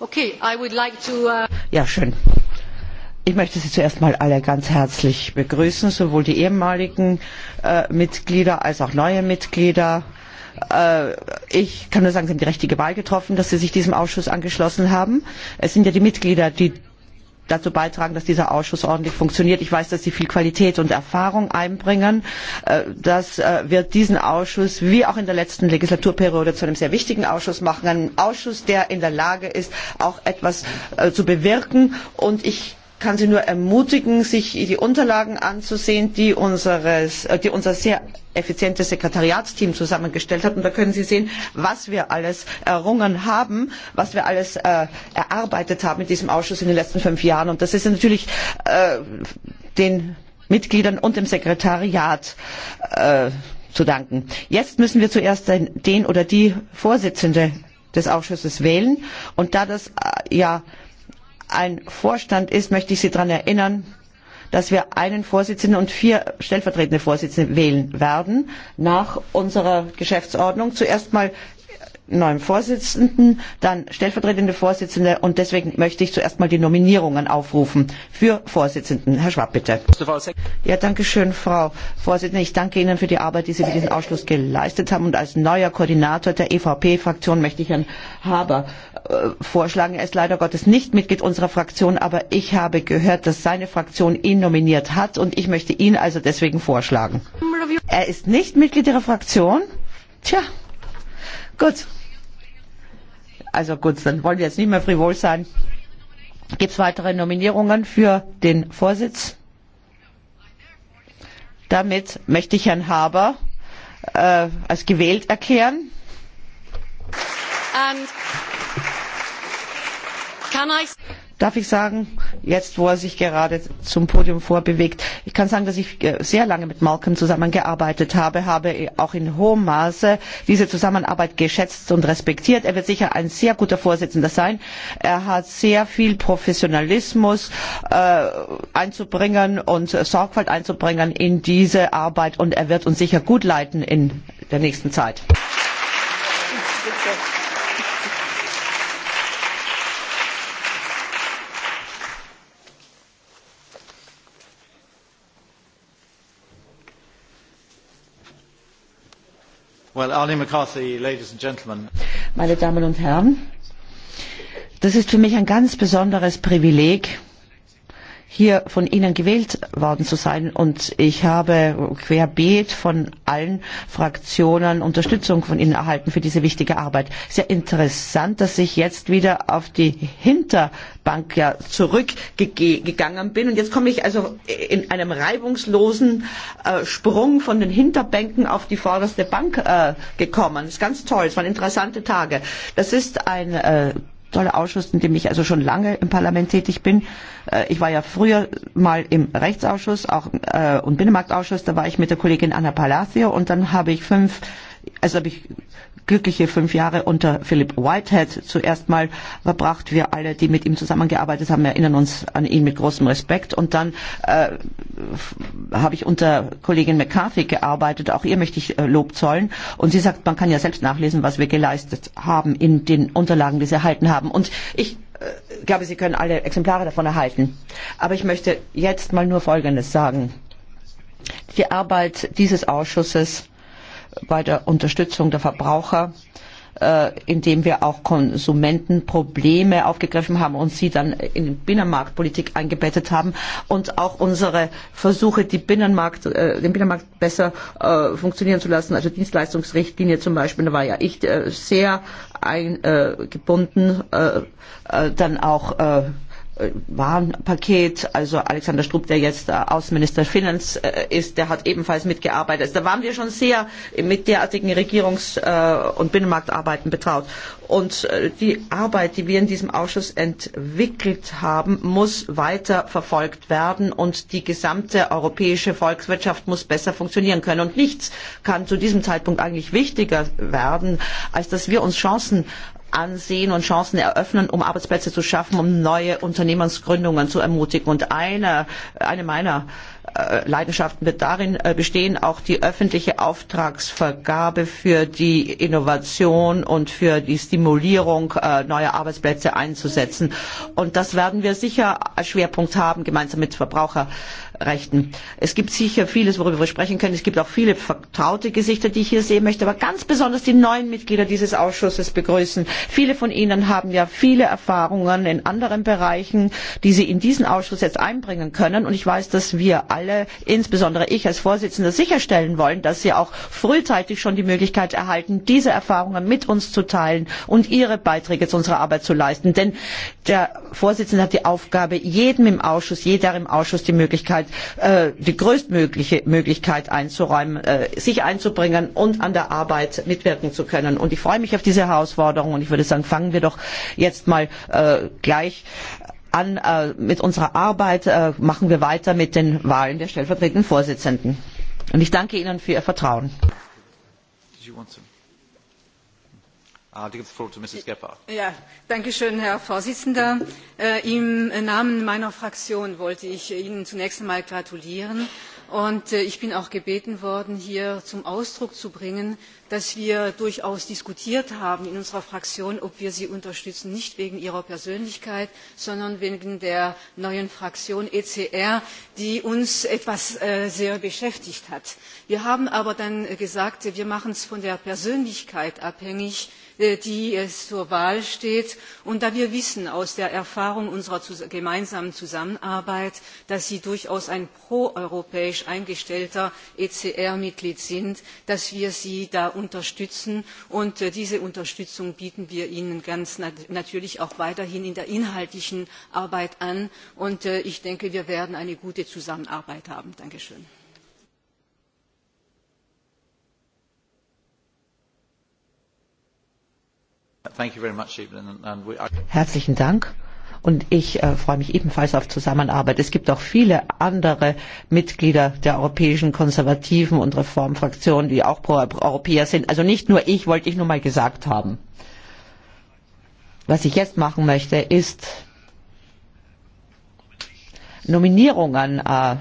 Okay, I would like to, uh... Ja, schön. Ich möchte Sie zuerst mal alle ganz herzlich begrüßen, sowohl die ehemaligen äh, Mitglieder als auch neue Mitglieder. Äh, ich kann nur sagen, Sie haben die richtige Wahl getroffen, dass Sie sich diesem Ausschuss angeschlossen haben. Es sind ja die Mitglieder, die dazu beitragen, dass dieser Ausschuss ordentlich funktioniert. Ich weiß, dass Sie viel Qualität und Erfahrung einbringen. Äh, das äh, wird diesen Ausschuss wie auch in der letzten Legislaturperiode zu einem sehr wichtigen Ausschuss machen. Einem Ausschuss, der in der Lage ist, auch etwas äh, zu bewirken. Und ich kann Sie nur ermutigen, sich die Unterlagen anzusehen, die, unseres, äh, die unser sehr effizientes Sekretariatsteam zusammengestellt hat. Und da können Sie sehen, was wir alles errungen haben, was wir alles äh, erarbeitet haben in diesem Ausschuss in den letzten fünf Jahren. Und das ist natürlich äh, den Mitgliedern und dem Sekretariat äh, zu danken. Jetzt müssen wir zuerst den oder die Vorsitzende des Ausschusses wählen. Und da das äh, ja ein Vorstand ist, möchte ich Sie daran erinnern, dass wir einen Vorsitzenden und vier stellvertretende Vorsitzende wählen werden nach unserer Geschäftsordnung. Zuerst mal neuen Vorsitzenden, dann stellvertretende Vorsitzende und deswegen möchte ich zuerst mal die Nominierungen aufrufen für Vorsitzenden. Herr Schwab, bitte. Ja, danke schön, Frau Vorsitzende. Ich danke Ihnen für die Arbeit, die Sie für diesen Ausschuss geleistet haben und als neuer Koordinator der EVP-Fraktion möchte ich Herrn Haber äh, vorschlagen. Er ist leider Gottes nicht Mitglied unserer Fraktion, aber ich habe gehört, dass seine Fraktion ihn nominiert hat und ich möchte ihn also deswegen vorschlagen. Er ist nicht Mitglied Ihrer Fraktion? Tja, gut. Also gut, dann wollen wir jetzt nicht mehr frivol sein. Gibt es weitere Nominierungen für den Vorsitz? Damit möchte ich Herrn Haber äh, als gewählt erklären. And can I darf ich sagen, jetzt wo er sich gerade zum Podium vorbewegt. Ich kann sagen, dass ich äh, sehr lange mit Malcolm zusammengearbeitet habe, habe auch in hohem Maße diese Zusammenarbeit geschätzt und respektiert. Er wird sicher ein sehr guter Vorsitzender sein. Er hat sehr viel Professionalismus äh, einzubringen und Sorgfalt einzubringen in diese Arbeit und er wird uns sicher gut leiten in der nächsten Zeit. Meine Damen und Herren, das ist für mich ein ganz besonderes Privileg, hier von Ihnen gewählt worden zu sein. Und ich habe querbeet von allen Fraktionen Unterstützung von Ihnen erhalten für diese wichtige Arbeit. Sehr interessant, dass ich jetzt wieder auf die Hinterbank ja zurückgegangen bin. Und jetzt komme ich also in einem reibungslosen äh, Sprung von den Hinterbänken auf die vorderste Bank äh, gekommen. Das ist ganz toll. Es waren interessante Tage. Das ist ein äh, toller Ausschuss, in dem ich also schon lange im Parlament tätig bin. Äh, ich war ja früher mal im Rechtsausschuss auch, äh, und Binnenmarktausschuss, da war ich mit der Kollegin Anna Palacio und dann habe ich fünf also habe ich glückliche fünf Jahre unter Philip Whitehead zuerst mal verbracht. Wir alle, die mit ihm zusammengearbeitet haben, erinnern uns an ihn mit großem Respekt. Und dann äh, habe ich unter Kollegin McCarthy gearbeitet. Auch ihr möchte ich äh, Lob zollen. Und sie sagt, man kann ja selbst nachlesen, was wir geleistet haben in den Unterlagen, die sie erhalten haben. Und ich äh, glaube, Sie können alle Exemplare davon erhalten. Aber ich möchte jetzt mal nur Folgendes sagen. Die Arbeit dieses Ausschusses bei der Unterstützung der Verbraucher, äh, indem wir auch Konsumentenprobleme aufgegriffen haben und sie dann in die Binnenmarktpolitik eingebettet haben und auch unsere Versuche, Binnenmarkt, äh, den Binnenmarkt besser äh, funktionieren zu lassen, also Dienstleistungsrichtlinie zum Beispiel, da war ja ich sehr eingebunden, dann auch Warenpaket, also Alexander Strupp, der jetzt äh, Außenminister Finanz äh, ist, der hat ebenfalls mitgearbeitet. Also da waren wir schon sehr mit derartigen Regierungs- äh, und Binnenmarktarbeiten betraut. Und die Arbeit, die wir in diesem Ausschuss entwickelt haben, muss weiter verfolgt werden und die gesamte europäische Volkswirtschaft muss besser funktionieren können. Und nichts kann zu diesem Zeitpunkt eigentlich wichtiger werden, als dass wir uns Chancen ansehen und Chancen eröffnen, um Arbeitsplätze zu schaffen, um neue Unternehmensgründungen zu ermutigen. Und eine, eine meiner äh, Leidenschaften wird darin äh, bestehen, auch die öffentliche Auftragsvergabe für die Innovation und für die Stimulierung äh, neuer Arbeitsplätze einzusetzen. Und das werden wir sicher als Schwerpunkt haben, gemeinsam mit Verbraucherschutz. Rechten. Es gibt sicher vieles, worüber wir sprechen können. Es gibt auch viele vertraute Gesichter, die ich hier sehen möchte, aber ganz besonders die neuen Mitglieder dieses Ausschusses begrüßen. Viele von Ihnen haben ja viele Erfahrungen in anderen Bereichen, die Sie in diesen Ausschuss jetzt einbringen können. Und ich weiß, dass wir alle, insbesondere ich als Vorsitzender, sicherstellen wollen, dass Sie auch frühzeitig schon die Möglichkeit erhalten, diese Erfahrungen mit uns zu teilen und Ihre Beiträge zu unserer Arbeit zu leisten. Denn der Vorsitzende hat die Aufgabe, jedem im Ausschuss, jeder im Ausschuss die Möglichkeit, Äh, die größtmögliche Möglichkeit einzuräumen, äh, sich einzubringen und an der Arbeit mitwirken zu können. Und ich freue mich auf diese Herausforderung und ich würde sagen, fangen wir doch jetzt mal äh, gleich an mit unserer Arbeit, machen wir weiter mit den Wahlen der stellvertretenden Vorsitzenden. Und ich danke Ihnen für Ihr Vertrauen. Ah, herr präsident! Äh, im namen meiner fraktion wollte ich ihnen zunächst einmal gratulieren und äh, ich bin auch gebeten worden hier zum ausdruck zu bringen dass wir durchaus diskutiert haben in unserer Fraktion, ob wir sie unterstützen, nicht wegen ihrer Persönlichkeit, sondern wegen der neuen Fraktion ECR, die uns etwas äh, sehr beschäftigt hat. Wir haben aber dann gesagt, wir machen es von der Persönlichkeit abhängig, äh, die äh, zur Wahl steht. Und da wir wissen aus der Erfahrung unserer gemeinsamen Zusammenarbeit, dass Sie durchaus ein proeuropäisch eingestellter ECR-Mitglied sind, dass wir Sie da unterstützen und äh, diese unterstützung bieten wir ihnen ganz natürlich auch weiterhin in der inhaltlichen arbeit an und äh, ich denke wir werden eine gute zusammenarbeit haben. Dankeschön. Herzlichen Dank und ich äh, freue mich ebenfalls auf Zusammenarbeit. Es gibt auch viele andere Mitglieder der europäischen Konservativen und Reformfraktion, die auch Pro-Europäer sind. Also nicht nur ich, wollte ich nur mal gesagt haben. Was ich jetzt machen möchte, ist Nominierungen äh,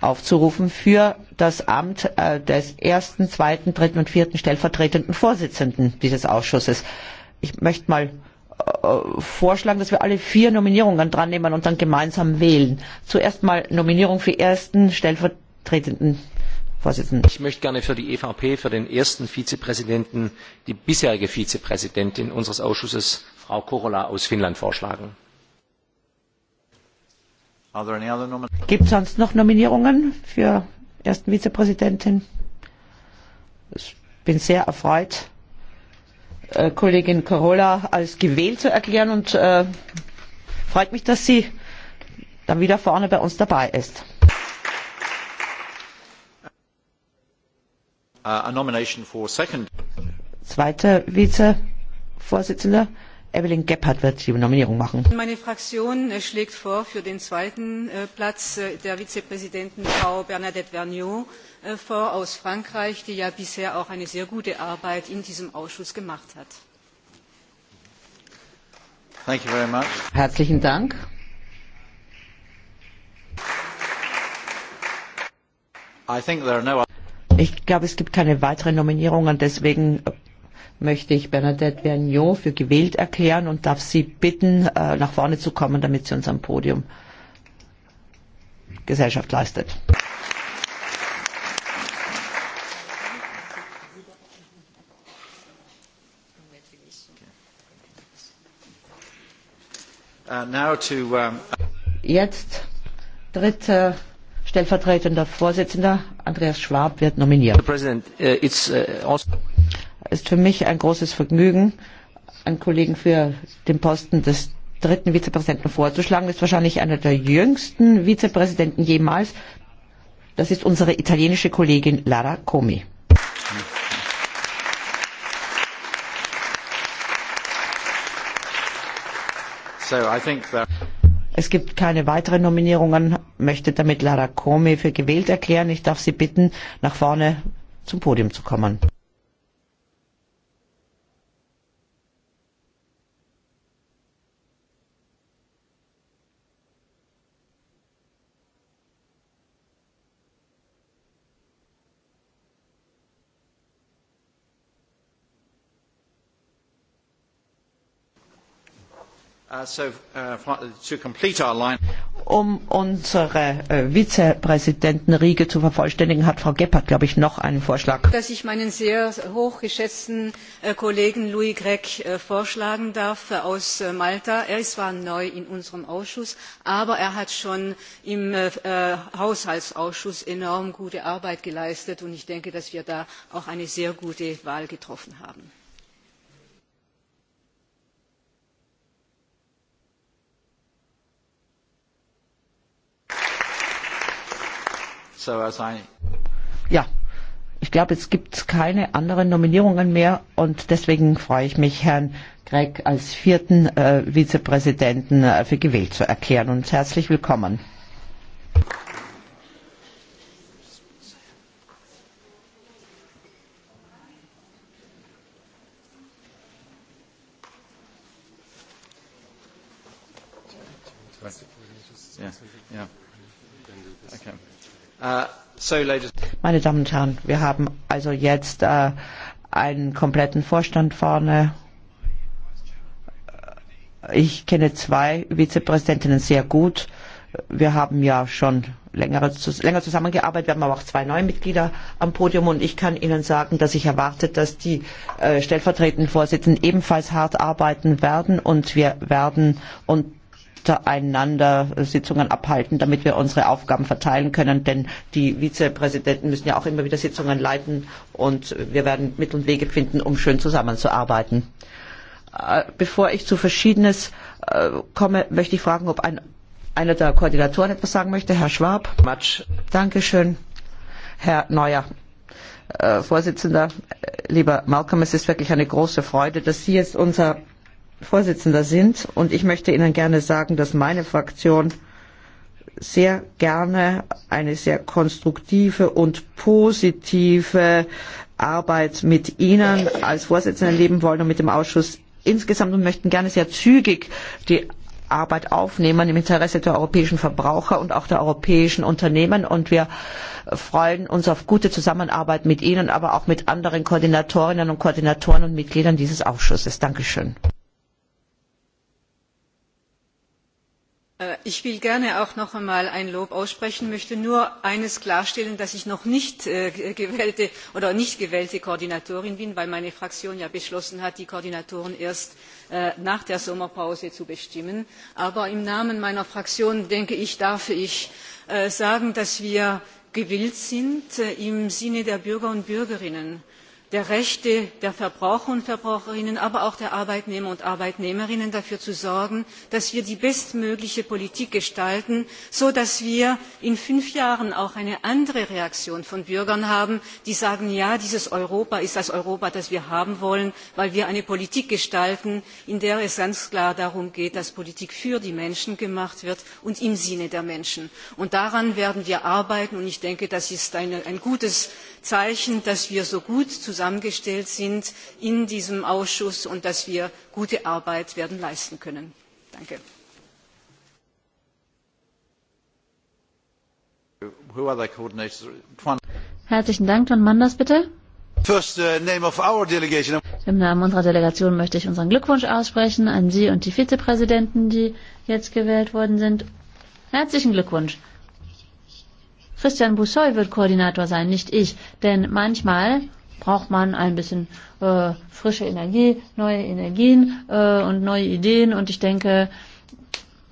aufzurufen für das Amt äh, des ersten, zweiten, dritten und vierten stellvertretenden Vorsitzenden dieses Ausschusses. Ich möchte mal Äh, vorschlagen, dass wir alle vier Nominierungen dran nehmen und dann gemeinsam wählen. Zuerst mal Nominierung für ersten stellvertretenden Vorsitzenden. Ich möchte gerne für die EVP, für den ersten Vizepräsidenten, die bisherige Vizepräsidentin unseres Ausschusses, Frau Korola aus Finnland, vorschlagen. Gibt es sonst noch Nominierungen für ersten Vizepräsidentin? Ich bin sehr erfreut Äh, Kollegin Carola als gewählt zu erklären und äh, freut mich, dass sie dann wieder vorne bei uns dabei ist. Uh, Zweiter Vizevorsitzender. Evelyn Gebhardt wird die Nominierung machen. Meine Fraktion äh, schlägt vor, für den zweiten äh, Platz äh, der Vizepräsidenten Frau Bernadette Vergniaud vor aus Frankreich, die ja bisher auch eine sehr gute Arbeit in diesem Ausschuss gemacht hat. Thank you very much. Herzlichen Dank. I think there are no ich glaube, es gibt keine weiteren Nominierungen, deswegen möchte ich Bernadette Vergniaud für gewählt erklären und darf Sie bitten, äh, nach vorne zu kommen, damit sie uns am Podium Gesellschaft leistet. Uh, um, Jetzt dritter stellvertretender Vorsitzender Andreas Schwab wird nominiert. Herr Präsident, uh, Es ist für mich ein großes Vergnügen, einen Kollegen für den Posten des dritten Vizepräsidenten vorzuschlagen. Das ist wahrscheinlich einer der jüngsten Vizepräsidenten jemals. Das ist unsere italienische Kollegin Lara Comi. So, es gibt keine weiteren Nominierungen. Möchte damit Lara Comi für gewählt erklären. Ich darf Sie bitten, nach vorne zum Podium zu kommen. Uh, uh, um unsere äh, Vizepräsidentenriege zu vervollständigen, hat Frau Gebhardt, glaube ich, noch einen Vorschlag. Dass ich meinen sehr hochgeschätzten äh, Kollegen Louis Gregg äh, vorschlagen darf aus Malta. Er ist zwar neu in unserem Ausschuss, aber er hat schon im Haushaltsausschuss enorm gute Arbeit geleistet und ich denke, dass wir da auch eine sehr gute Wahl getroffen haben. So as I ja, ich glaube, es gibt keine anderen Nominierungen mehr und deswegen freue ich mich, Herrn Gregg als vierten äh, Vizepräsidenten äh, für gewählt zu erklären und herzlich willkommen. Meine Damen und Herren, wir haben also jetzt äh, einen kompletten Vorstand vorne. Ich kenne zwei Vizepräsidentinnen sehr gut. Wir haben ja schon längere, länger zusammengearbeitet. Wir haben aber auch zwei neue Mitglieder am Podium und ich kann Ihnen sagen, dass ich erwarte, dass die äh, stellvertretenden Vorsitzenden ebenfalls hart arbeiten werden und wir werden und miteinander Sitzungen abhalten, damit wir unsere Aufgaben verteilen können, denn die Vizepräsidenten müssen ja auch immer wieder Sitzungen leiten und wir werden Mittel und Wege finden, um schön zusammenzuarbeiten. Äh, bevor ich zu Verschiedenes äh, komme, möchte ich fragen, ob ein, einer der Koordinatoren etwas sagen möchte. Herr Schwab. Matsch. Dankeschön. Herr Neuer. Äh, Vorsitzender, lieber Malcolm, es ist wirklich eine große Freude, dass Sie jetzt unser Vorsitzender sind. Und ich möchte Ihnen gerne sagen, dass meine Fraktion sehr gerne eine sehr konstruktive und positive Arbeit mit Ihnen als Vorsitzenden leben wollen und mit dem Ausschuss insgesamt und möchten gerne sehr zügig die Arbeit aufnehmen im Interesse der europäischen Verbraucher und auch der europäischen Unternehmen. Und wir freuen uns auf gute Zusammenarbeit mit Ihnen, aber auch mit anderen Koordinatorinnen und Koordinatoren und Mitgliedern dieses Ausschusses. Dankeschön. Äh, ich will gerne auch noch einmal ein lob aussprechen möchte nur eines klarstellen dass ich noch nicht äh, gewählte oder nicht gewählte koordinatorin bin weil meine fraktion ja beschlossen hat die koordinatoren erst äh, nach der sommerpause zu bestimmen. aber im namen meiner fraktion darf ich sagen dass wir gewillt sind im sinne der bürger und bürgerinnen der rechte der verbraucher und verbraucherinnen aber auch der arbeitnehmer und arbeitnehmerinnen dafür zu sorgen dass wir die bestmögliche politik gestalten sodass wir in fünf jahren auch eine andere reaktion von bürgern haben die sagen ja dieses europa ist das europa das wir haben wollen weil wir eine politik gestalten in der es ganz klar darum geht dass politik für die menschen gemacht wird und im sinne der menschen. daran werden wir arbeiten und ich denke das ist ein gutes zeichen dass wir so gut zusammengestellt sind in diesem ausschuss und dass wir gute arbeit werden leisten können. danke! Herzlichen Dank, John Manders, bitte. First, uh, name of our delegation. Im Namen unserer Delegation möchte ich unseren Glückwunsch aussprechen an Sie und die Vizepräsidenten, die jetzt gewählt worden sind. Herzlichen Glückwunsch. Christian Boussoy wird Koordinator sein, nicht ich. Denn manchmal braucht man ein bisschen äh, frische Energie, neue Energien äh, und neue Ideen. Und ich denke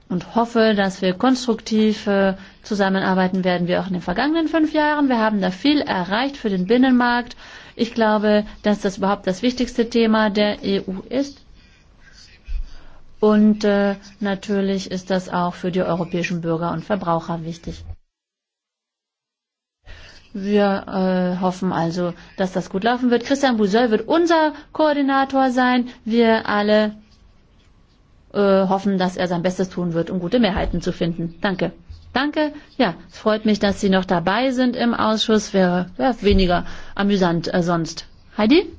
und hoffe, dass wir konstruktiv äh, zusammenarbeiten werden, wie auch in den vergangenen fünf Jahren. Wir haben da viel erreicht für den Binnenmarkt. Ich glaube, dass das überhaupt das wichtigste Thema der EU ist. Und äh, natürlich ist das auch für die europäischen Bürger und Verbraucher wichtig. Wir äh, hoffen also, dass das gut laufen wird. Christian Busoll wird unser Koordinator sein. Wir alle äh, hoffen, dass er sein Bestes tun wird, um gute Mehrheiten zu finden. Danke. Danke. Ja, es freut mich, dass Sie noch dabei sind im Ausschuss. Wäre, wäre weniger amüsant äh, sonst. Heidi?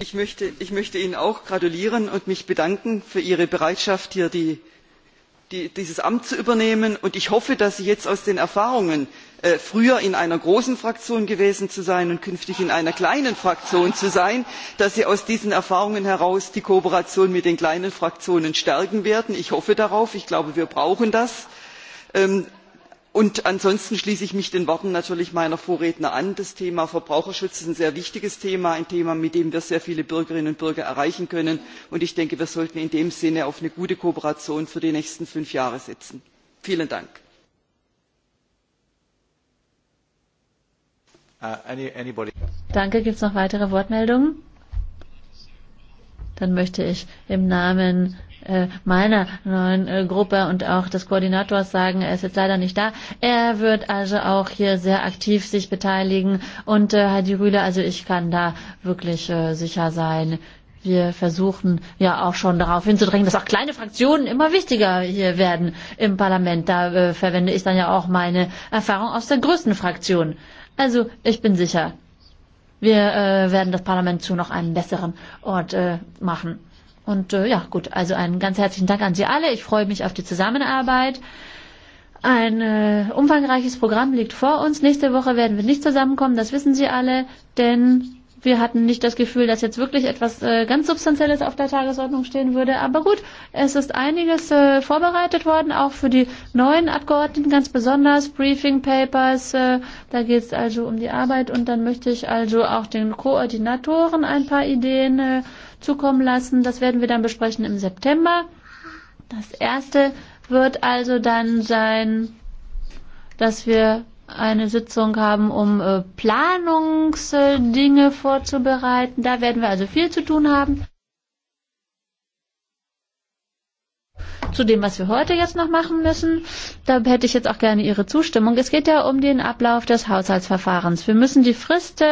Ich möchte, ich möchte Ihnen auch gratulieren und mich bedanken für Ihre Bereitschaft, hier die dieses amt zu übernehmen und ich hoffe dass sie jetzt aus den erfahrungen äh, früher in einer großen fraktion gewesen zu sein und künftig in einer kleinen fraktion zu sein dass sie aus diesen erfahrungen heraus die kooperation mit den kleinen fraktionen stärken werden. ich hoffe darauf ich glaube wir brauchen das. Ähm, Und ansonsten schließe ich mich den Worten natürlich meiner Vorredner an. Das Thema Verbraucherschutz ist ein sehr wichtiges Thema, ein Thema, mit dem wir sehr viele Bürgerinnen und Bürger erreichen können. Und ich denke, wir sollten in dem Sinne auf eine gute Kooperation für die nächsten fünf Jahre setzen. Vielen Dank. Uh, Danke. Gibt es noch weitere Wortmeldungen? Dann möchte ich im Namen Äh, meiner neuen äh, Gruppe und auch des Koordinators sagen, er ist jetzt leider nicht da. Er wird also auch hier sehr aktiv sich beteiligen und äh, Heidi Rühle, also ich kann da wirklich sicher sein, wir versuchen ja auch schon darauf hinzudrängen, dass auch kleine Fraktionen immer wichtiger hier werden im Parlament. Da äh, verwende ich dann ja auch meine Erfahrung aus der größten Fraktion. Also ich bin sicher, wir äh, werden das Parlament zu noch einem besseren Ort äh, machen. Und äh, ja, gut, also einen ganz herzlichen Dank an Sie alle. Ich freue mich auf die Zusammenarbeit. Ein äh, umfangreiches Programm liegt vor uns. Nächste Woche werden wir nicht zusammenkommen, das wissen Sie alle, denn wir hatten nicht das Gefühl, dass jetzt wirklich etwas äh, ganz Substanzielles auf der Tagesordnung stehen würde. Aber gut, es ist einiges äh, vorbereitet worden, auch für die neuen Abgeordneten ganz besonders. Briefing Papers, äh, da geht es also um die Arbeit. Und dann möchte ich also auch den Koordinatoren ein paar Ideen. Äh, zukommen lassen. Das werden wir dann besprechen im September. Das erste wird also dann sein, dass wir eine Sitzung haben, um äh, Planungsdinge vorzubereiten. Da werden wir also viel zu tun haben. zu dem, was wir heute jetzt noch machen müssen. Da hätte ich jetzt auch gerne Ihre Zustimmung. Es geht ja um den Ablauf des Haushaltsverfahrens. Wir müssen die Frist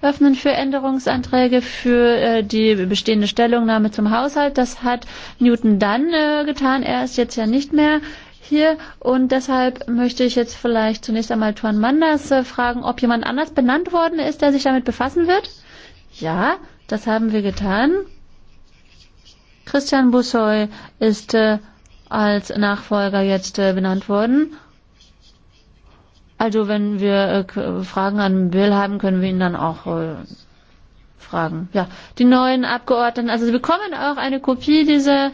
öffnen für Änderungsanträge für äh, die bestehende Stellungnahme zum Haushalt. Das hat Newton dann äh, getan. Er ist jetzt ja nicht mehr hier und deshalb möchte ich jetzt vielleicht zunächst einmal Tuan Manders äh, fragen, ob jemand anders benannt worden ist, der sich damit befassen wird. Ja, das haben wir getan. Christian Bussoy ist äh, als Nachfolger jetzt äh, benannt worden. Also wenn wir äh, Fragen an Bill haben, können wir ihn dann auch äh, fragen. Ja, die neuen Abgeordneten, also Sie bekommen auch eine Kopie dieser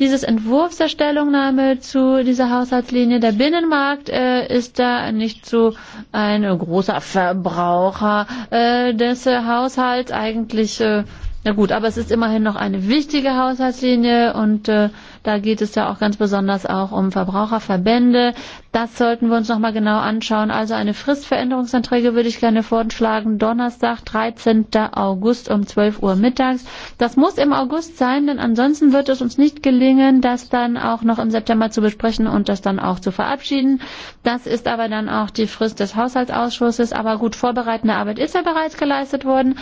dieses Entwurfs der Stellungnahme zu dieser Haushaltslinie. Der Binnenmarkt äh, ist da nicht so ein großer Verbraucher äh, des äh, Haushalts. Eigentlich äh, na gut, aber es ist immerhin noch eine wichtige Haushaltslinie und äh, da geht es ja auch ganz besonders auch um Verbraucherverbände. Das sollten wir uns nochmal genau anschauen. Also eine Frist für Änderungsanträge würde ich gerne vorschlagen. Donnerstag, 13. August um 12 Uhr mittags. Das muss im August sein, denn ansonsten wird es uns nicht gelingen, das dann auch noch im September zu besprechen und das dann auch zu verabschieden. Das ist aber dann auch die Frist des Haushaltsausschusses. Aber gut, vorbereitende Arbeit ist ja bereits geleistet worden.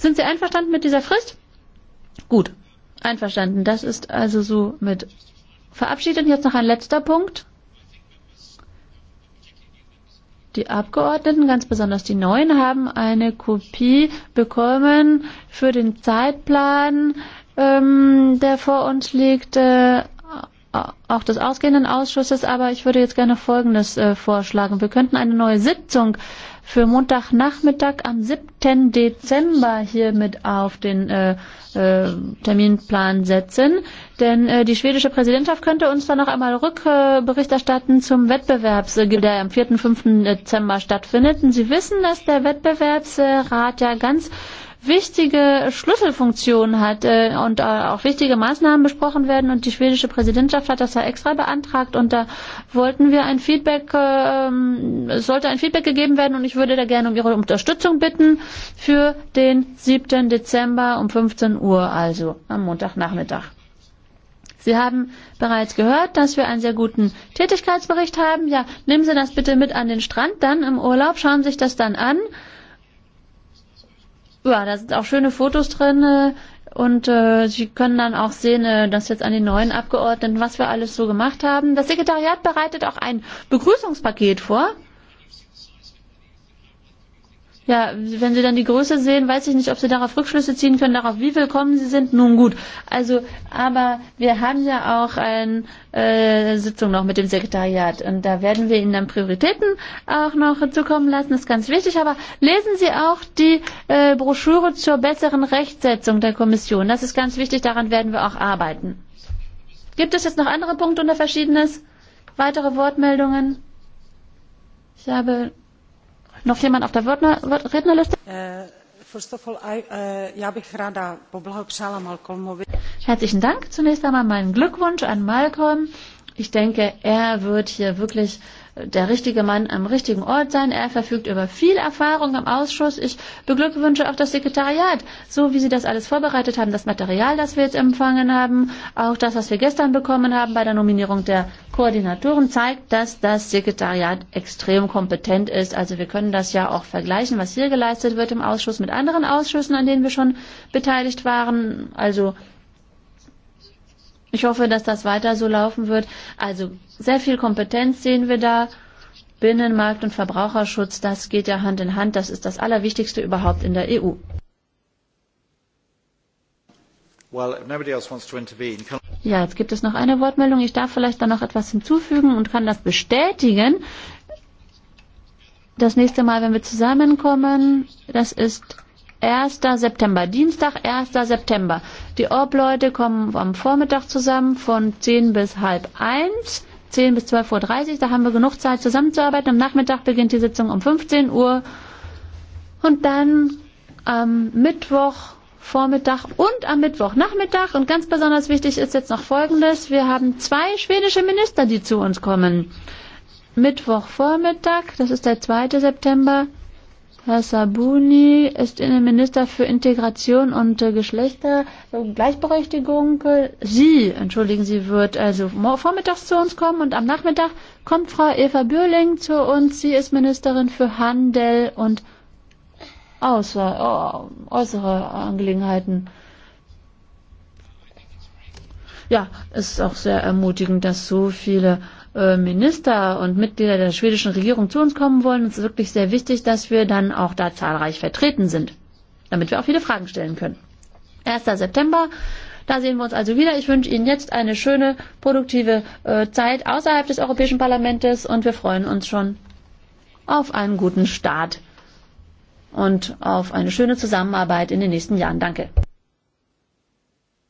Sind Sie einverstanden mit dieser Frist? Gut, einverstanden. Das ist also so mit verabschiedet. Jetzt noch ein letzter Punkt. Die Abgeordneten, ganz besonders die Neuen, haben eine Kopie bekommen für den Zeitplan, ähm, der vor uns liegt, äh, auch des ausgehenden Ausschusses. Aber ich würde jetzt gerne Folgendes äh, vorschlagen. Wir könnten eine neue Sitzung für Montagnachmittag am 7. Dezember hier mit auf den äh, äh, Terminplan setzen. Denn äh, die schwedische Präsidentschaft könnte uns dann noch einmal Rückbericht erstatten zum Wettbewerbs, der am 4. 5. Dezember stattfindet. Und Sie wissen, dass der Wettbewerbsrat ja ganz wichtige Schlüsselfunktion hat äh, und äh, auch wichtige Maßnahmen besprochen werden. Und die schwedische Präsidentschaft hat das ja extra beantragt. Und da wollten wir ein Feedback, äh, sollte ein Feedback gegeben werden. Und ich würde da gerne um Ihre Unterstützung bitten für den 7. Dezember um 15 Uhr, also am Montagnachmittag. Sie haben bereits gehört, dass wir einen sehr guten Tätigkeitsbericht haben. Ja, nehmen Sie das bitte mit an den Strand dann im Urlaub, schauen Sie sich das dann an ja, da sind auch schöne Fotos drin äh, und äh, Sie können dann auch sehen, äh, dass jetzt an den neuen Abgeordneten, was wir alles so gemacht haben. Das Sekretariat bereitet auch ein Begrüßungspaket vor. Ja, wenn Sie dann die Größe sehen, weiß ich nicht, ob Sie darauf Rückschlüsse ziehen können, darauf wie willkommen Sie sind. Nun gut. Also, aber wir haben ja auch eine äh, Sitzung noch mit dem Sekretariat und da werden wir Ihnen dann Prioritäten auch noch zukommen lassen. Das ist ganz wichtig. Aber lesen Sie auch die äh, Broschüre zur besseren Rechtsetzung der Kommission. Das ist ganz wichtig. Daran werden wir auch arbeiten. Gibt es jetzt noch andere Punkte unter Verschiedenes? Weitere Wortmeldungen? Ich habe Noch jemand auf der Rednerliste? Äh, äh, Herzlichen Dank. Zunächst einmal meinen Glückwunsch an Malcolm. Ich denke, er wird hier wirklich der richtige Mann am richtigen Ort sein. Er verfügt über viel Erfahrung im Ausschuss. Ich beglückwünsche auch das Sekretariat, so wie Sie das alles vorbereitet haben, das Material, das wir jetzt empfangen haben, auch das, was wir gestern bekommen haben bei der Nominierung der Koordinatoren zeigt, dass das Sekretariat extrem kompetent ist. Also wir können das ja auch vergleichen, was hier geleistet wird im Ausschuss mit anderen Ausschüssen, an denen wir schon beteiligt waren. Also ich hoffe, dass das weiter so laufen wird. Also sehr viel Kompetenz sehen wir da. Binnenmarkt und Verbraucherschutz, das geht ja Hand in Hand. Das ist das Allerwichtigste überhaupt in der EU. Ja, jetzt gibt es noch eine Wortmeldung. Ich darf vielleicht da noch etwas hinzufügen und kann das bestätigen. Das nächste Mal, wenn wir zusammenkommen, das ist 1. September, Dienstag, 1. September. Die Obleute kommen am Vormittag zusammen von 10 bis halb 1, 10 bis 12.30 Uhr. Da haben wir genug Zeit zusammenzuarbeiten. Am Nachmittag beginnt die Sitzung um 15 Uhr. Und dann am Mittwoch Vormittag und am Mittwochnachmittag. Und ganz besonders wichtig ist jetzt noch Folgendes. Wir haben zwei schwedische Minister, die zu uns kommen. Mittwochvormittag, das ist der 2. September. Herr Sabuni ist Innenminister für Integration und äh, Geschlechter Gleichberechtigung. Sie, entschuldigen Sie, wird also vormittags zu uns kommen und am Nachmittag kommt Frau Eva Bürling zu uns. Sie ist Ministerin für Handel und außer, äh, äußere Angelegenheiten. Ja, es ist auch sehr ermutigend, dass so viele äh, Minister und Mitglieder der schwedischen Regierung zu uns kommen wollen. Es ist wirklich sehr wichtig, dass wir dann auch da zahlreich vertreten sind, damit wir auch viele Fragen stellen können. 1. September, da sehen wir uns also wieder. Ich wünsche Ihnen jetzt eine schöne, produktive äh, Zeit außerhalb des Europäischen Parlaments und wir freuen uns schon auf einen guten Start und auf eine schöne Zusammenarbeit in den nächsten Jahren. Danke.